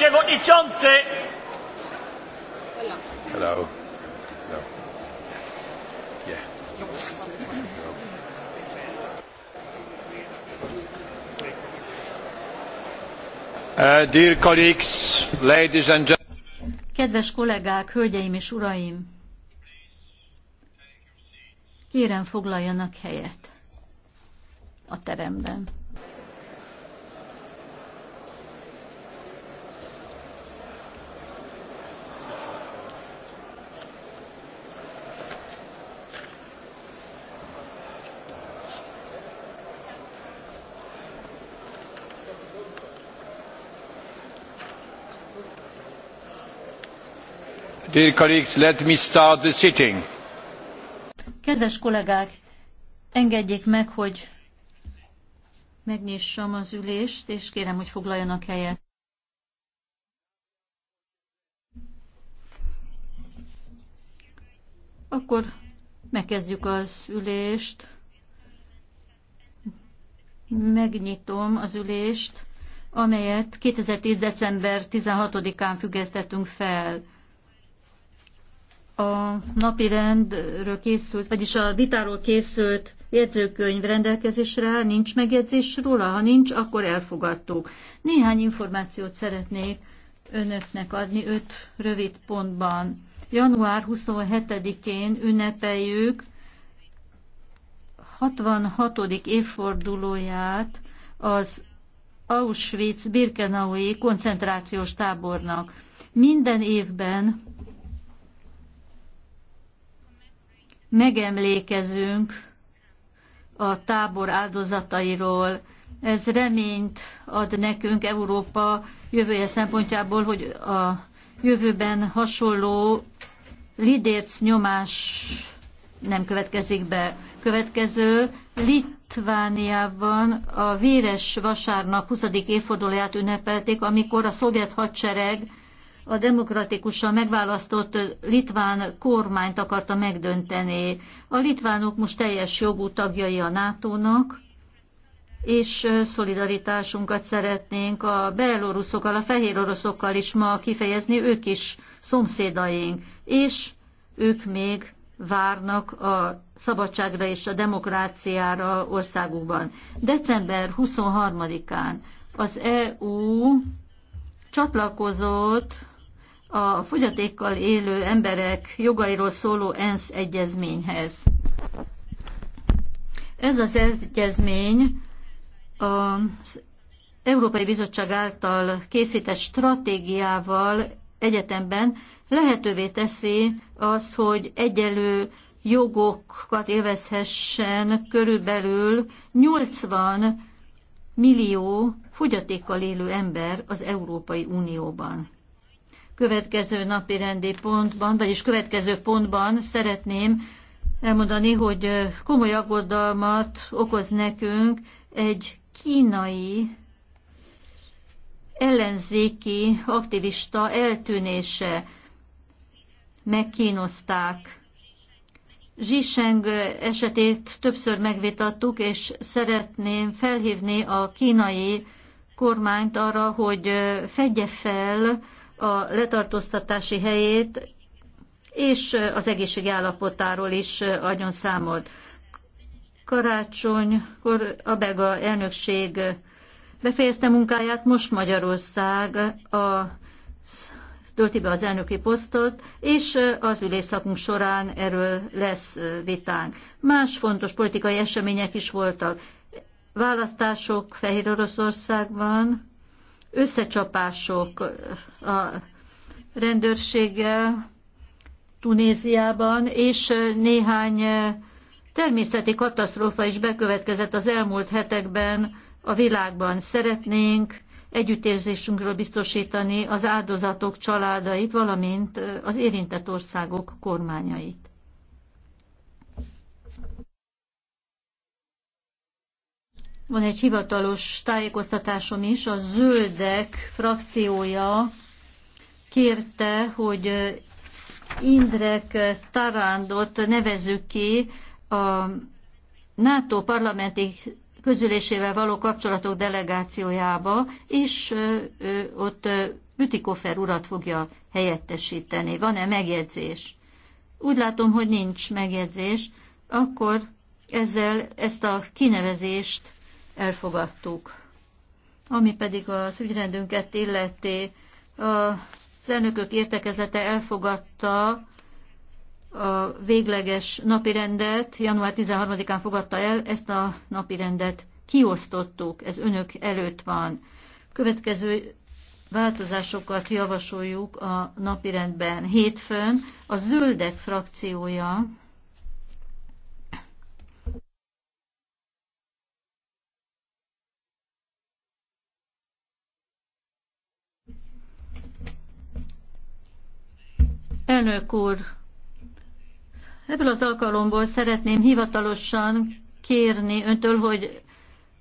przewodniczący! Hello. Hello. Yeah. Uh, dear colleagues, ladies and gentlemen. Kedves kollégák, hölgyeim és uraim! Kérem foglaljanak helyet a teremben. Kedves kollégák, engedjék meg, hogy megnyissam az ülést, és kérem, hogy foglaljanak helyet. Akkor megkezdjük az ülést. Megnyitom az ülést, amelyet 2010. december 16-án függesztettünk fel a napi rendről készült, vagyis a vitáról készült jegyzőkönyv rendelkezésre áll, nincs megjegyzés róla, ha nincs, akkor elfogadtuk. Néhány információt szeretnék önöknek adni öt rövid pontban. Január 27-én ünnepeljük 66. évfordulóját az Auschwitz-Birkenaui koncentrációs tábornak. Minden évben megemlékezünk a tábor áldozatairól. Ez reményt ad nekünk Európa jövője szempontjából, hogy a jövőben hasonló lidérc nyomás nem következik be. Következő Litvániában a véres vasárnap 20. évfordulóját ünnepelték, amikor a szovjet hadsereg a demokratikusan megválasztott litván kormányt akarta megdönteni. A litvánok most teljes jogú tagjai a NATO-nak, és szolidaritásunkat szeretnénk a beloruszokkal, a fehér oroszokkal is ma kifejezni, ők is szomszédaink, és ők még várnak a szabadságra és a demokráciára országukban. December 23-án az EU csatlakozott a fogyatékkal élő emberek jogairól szóló ENSZ egyezményhez. Ez az egyezmény az Európai Bizottság által készített stratégiával egyetemben lehetővé teszi az, hogy egyelő jogokat élvezhessen körülbelül 80 millió fogyatékkal élő ember az Európai Unióban. Következő napi rendi pontban, vagyis következő pontban szeretném elmondani, hogy komoly aggodalmat okoz nekünk egy kínai ellenzéki aktivista eltűnése. Megkínozták Zsiseng esetét többször megvitattuk, és szeretném felhívni a kínai kormányt arra, hogy fedje fel a letartóztatási helyét, és az egészségi állapotáról is adjon számot. Karácsonykor a belga elnökség befejezte munkáját, most Magyarország a tölti be az elnöki posztot, és az ülésszakunk során erről lesz vitánk. Más fontos politikai események is voltak. Választások Fehér Oroszországban, összecsapások a rendőrséggel, Tunéziában, és néhány természeti katasztrófa is bekövetkezett az elmúlt hetekben a világban. Szeretnénk együttérzésünkről biztosítani az áldozatok családait, valamint az érintett országok kormányait. Van egy hivatalos tájékoztatásom is, a Zöldek frakciója kérte, hogy Indrek Tarándot nevezzük ki a NATO parlamenti közülésével való kapcsolatok delegációjába, és ott Bütikofer urat fogja helyettesíteni. Van-e megjegyzés? Úgy látom, hogy nincs megjegyzés. Akkor ezzel ezt a kinevezést elfogadtuk. Ami pedig az ügyrendünket illeti, az elnökök értekezlete elfogadta a végleges napirendet január 13-án fogadta el, ezt a napirendet kiosztottuk, ez önök előtt van. Következő változásokat javasoljuk a napirendben. Hétfőn a zöldek frakciója Elnök úr, Ebből az alkalomból szeretném hivatalosan kérni öntől, hogy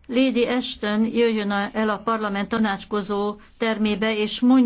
Lady Ashton jöjjön el a parlament tanácskozó termébe, és mondja,